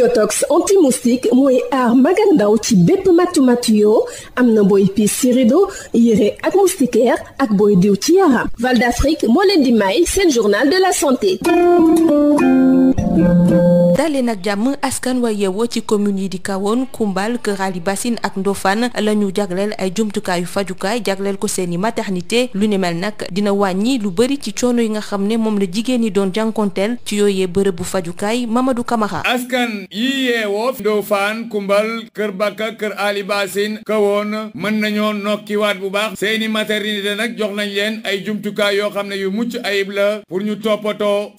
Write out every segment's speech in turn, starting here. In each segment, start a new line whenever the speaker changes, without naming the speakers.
biotox anti-moustique mooy aar mag ak ndaw ci bépp matu-matu am na booy piis ci rido ak moustiquaire ak booy diw ci yaram Val d'Afrique moo leen di may seen journal de la santé
dalee nag jàmm askan wa yeewoo ci commune yi di Kahone Koumbal Keur Ali Bassine ak Ndofane la ñu jagleel ay jumtukaayu fajukaay jagleel ko seeni maternité lu ni mel nag dina wàññi lu bari ci coono yi nga xam ne moom la jigéen ñi doon jànkonteel ci yooyee bërëbu fajukaay Mamadou Camara
askan yi yeewoo Ndofane Koumbal Kër Bakka Kër Ali Bassine Kahone mën nañoo nokkiwaat bu baax seeni maternité nag jox nañ leen ay jumtukaay yoo xam ne yu mucc ayib la pour ñu toppatoo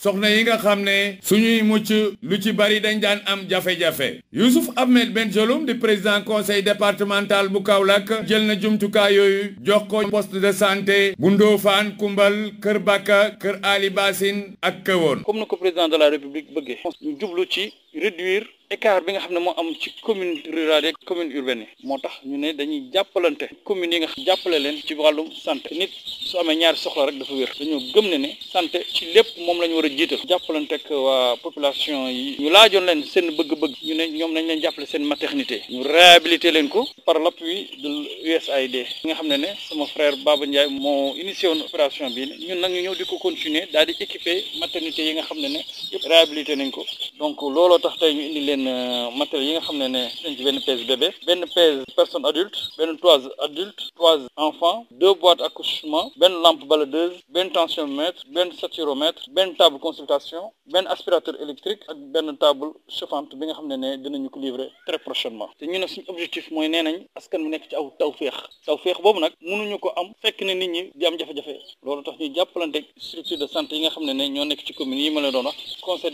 ci bari dañ daan am jafe-jafe Youssouf Ahmed Bengelloune di président conseil départemental bu Kaolack jël na jumtukaay yooyu jox ko post de santé bu Ndofane Koumbal Kër Baka Kër Ali basin ak Kahone. comme na ko président de la république bëggee.
jublu ci réduire. écart bi nga xam ne moo am ci commune rurale ak commune urbaine yi moo tax ñu ne dañuy jàppalante communes yi nga xam jàppale leen ci wàllum santé nit su amee ñaari soxla rek dafa wér dañoo gëm ne ne santé ci lépp moom la ñu war a jiital jàppalante ak waa population yi ñu laajoon leen seen bëgg-bëgg ñu ne ñoom nañ leen jàppale seen maternité ñu réhabilité leen ko par l'appui de l'USAID nga xam ne ne sama frère Baba Ndiaye moo initié woon opération bi ñun nag ñu ñëw di ko continuer daal di équiper maternité yi nga xam ne ne yëpp réhabilité nañ ko benn euh, yi nga xam ne ne dañ ci benn pèse bébé benn pèse personne adulte benn toise adulte toise enfant deux boîtes accouchement benn lampe baladeuse benn tensiomètre benn saturomètre benn table consultation benn aspirateur électrique ak benn table chauffante bi nga xam ne ne dinañu ko livrer très prochainement te ñu ne suñu objectif mooy nee nañ askan mu nekk ci aw tawféex tawféex boobu nag mënuñu ko am fekk ne nit ñi di am jafe-jafe loolu tax ñuy jàppalante xam ne ne ñoo nekk ci commune yi ma la doon wax conseil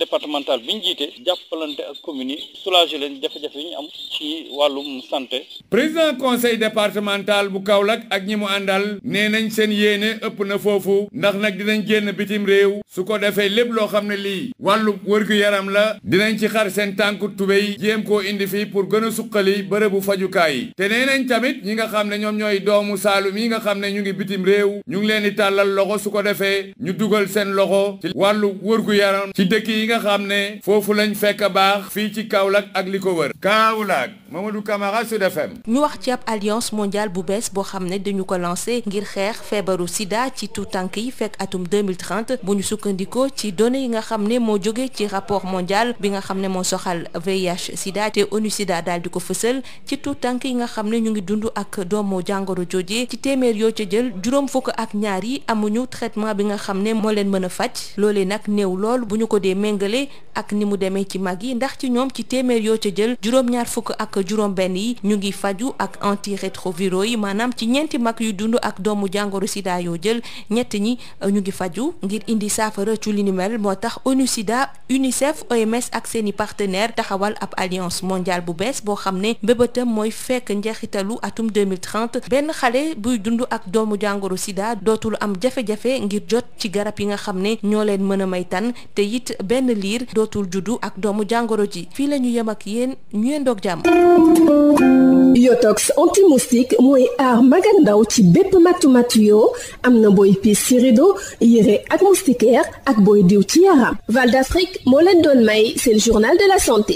soulager leen jafe-jafe yi ñu am ci wàllum santé.
président conseil départemental bu kaw lak ak ñi mu àndal nee nañ seen yéene ëpp na foofu ndax nag dinañ génn bitim réew su ko defee lépp loo xam ne lii wàllu wërgu-yaram la dinañ ci xar seen tànk tubéy jéem koo indi fii pour gën a suqali bërëbu fajukaay yi te nee nañ tamit ñi nga xam ne ñoom ñooy doomu saalum yi nga xam ne ñu ngi bitim réew ñu ngi leen di tàllal loxo su ko defee ñu dugal seen loxo ci wàllu wërgu-yaram ci dëkk yi nga xam ne foofu lañu fekk baax fii ci Kaolack ak li ko wër Kaolack Mamadou Camara Sud
ñu wax ci ab alliance mondiale bu bees boo xam ne dañu ko lancé ngir xeex feebaru sida ci tout tànk yi fekk atum 2030 bu ñu sukkandikoo ci données yi nga xam ne moo jóge ci rapport mondial bi nga xam ne moo soxal VIH sida te ONU sida daal di ko fësal ci tout tànk yi nga xam ne ñu ngi dund ak doomu jàngoro jooje ci téeméer yoo ca jël juróom fukk ak ñaar yi amuñu traitement bi nga xam ne moo leen mën a faj loolee nag néew lool bu ñu ko dee méngalee ak ni mu demee ci mag yi ndax ci ñoom ci téeméer yoo ca jël juróom-ñaar fukk ak juróom-benn yi ñu ngi faju ak antirétroviraux yi maanaam ci ñeenti mag yu dund ak doomu jàngoro sida yoo jël ñetti ñi euh, ñu ngi faju ngir indi saafara ci li moo tax ONU Sida UNICEF OMS ak seeni partenaire taxawal ab alliance mondial bu bees boo xam ne mbébétam mooy fekk njeexitalu atum 2030 benn xale buy dund ak doomu jàngoro sidaa dootul am jafe-jafe ngir jot ci garab yi nga xam ne ñoo leen mën a may tan te it benn liir dootul juddu ak doomu jàngoro ji fii la ñu yem ak yéen ñu yendoog jàmm
yotox anti moustique mooy aar mag ak ci bépp matu matu yoo am na booy piis ci rido yére ak moustiquaire ak booy diw ci yaram Val d'Afrique moo leen doon may seen journal de la santé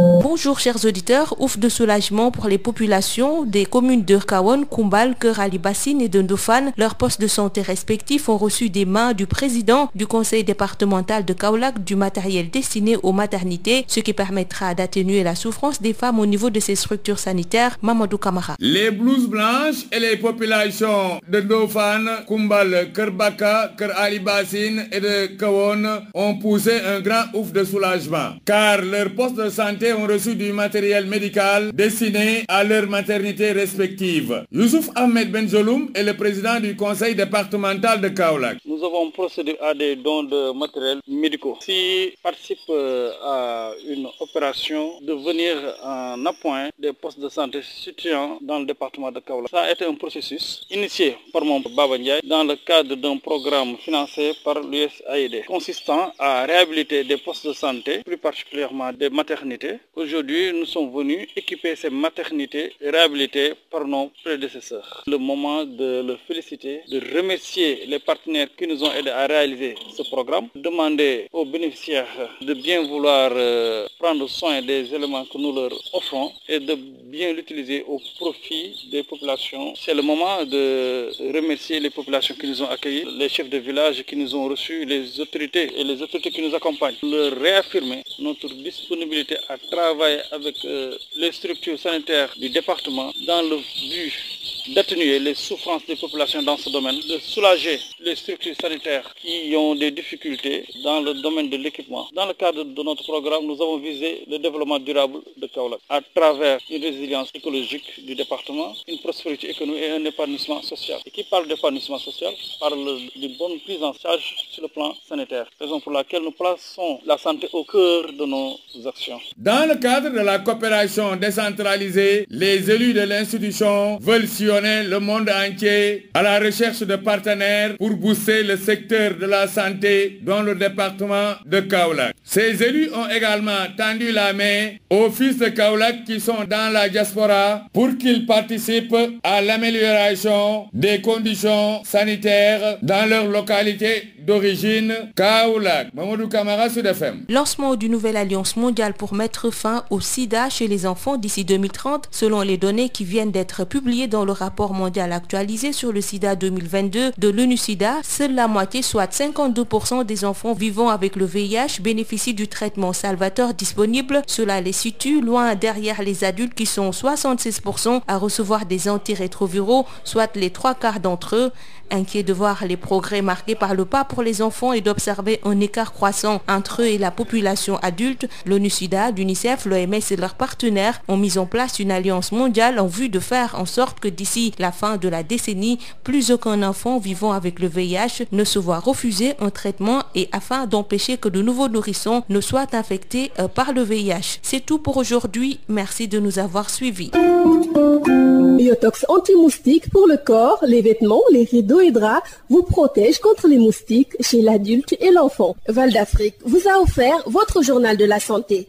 Bonjour chers auditeurs, ouf de soulagement pour les populations des communes de Kawan, Kumbal, Kerali Bassine et de Ndofan. Leurs postes de santé respectifs ont reçu des mains du président du conseil départemental de Kaolack du matériel destiné aux maternités, ce qui permettra d'atténuer la souffrance des femmes au niveau de ces structures sanitaires. Mamadou Kamara.
Les blouses blanches et les populations de Kumbal, Kerbaka, Kerali Bassine et de reçu du matériel médical destiné à leurs maternités respectives. Youssouf Ahmed Benzoloum est le président du conseil départemental de Kaolack.
Nous avons procédé à des dons de matériel médicaux. S'ils participent euh, à une opération de venir en appoint des postes de santé situés dans le département de Kaolack. Ça a été un processus initié par mon Baba dans le cadre d'un programme financé par l'USAID consistant à réhabiliter des postes de santé, plus particulièrement des maternités. Aujourd'hui, nous sommes venus équiper ces maternités réhabilitées par nos prédécesseurs. Le moment de le féliciter, de remercier les partenaires qui nous ont aidés à réaliser ce programme, demander au bénéficiaires de bien vouloir euh, prendre soin des éléments que nous leur offrons et de bien l'utiliser au profit des populations. C'est le moment de remercier les populations qui nous ont accueillis, les chefs de village qui nous ont reçus, les autorités et les autorités qui nous accompagnent. Leur réaffirmer notre disponibilité à travailler avec euh, les structures sanitaires du département dans le but d'atténuer les souffrances des populations dans ce domaine, de soulager les structures sanitaires qui ont des difficultés dans le domaine de l'équipement. Dans le cadre de notre programme, nous avons visé le développement durable de Kaolack à travers une résilience écologique du département, une prospérité économique et un épanouissement social. Et qui parle d'épanouissement social parle d'une bonne prise en charge sur le plan sanitaire, raison pour laquelle
fusionner le monde entier à la recherche de partenaires pour booster le secteur de la santé dans le département de Kaolack. Ces élus ont également tendu la main aux fils de Kaolack qui sont dans la diaspora pour qu'ils participent à l'amélioration des conditions sanitaires dans leur localité d'origine Kaoulak. Mamadou Kamara,
pour mettre fin au sida chez les enfants d'ici 2030, selon les données qui viennent d'être publiées dans le rapport mondial actualisé sur le sida 2022 de l'ONU-SIDA, seule la moitié, soit 52% des enfants vivant avec le VIH bénéficient du traitement salvateur disponible. inquiet de voir les progrès marqués par le pas pour les enfants et d'observer un écart croissant entre eux et la population adulte, l'ONU-SIDA, l'UNICEF, l'OMS et leurs partenaires ont mis en place une alliance mondiale en vue de faire en sorte que d'ici la fin de la décennie, plus aucun enfant vivant avec le VIH ne se voit refuser un traitement et afin d'empêcher que de nouveaux nourrissons ne soient infectés euh, par le VIH. C'est tout pour aujourd'hui.
biotox anti-moustique pour le corps, les vêtements, les rideaux et draps vous protège contre les moustiques chez l'adulte et l'enfant. Val d'Afrique vous a offert votre journal de la santé.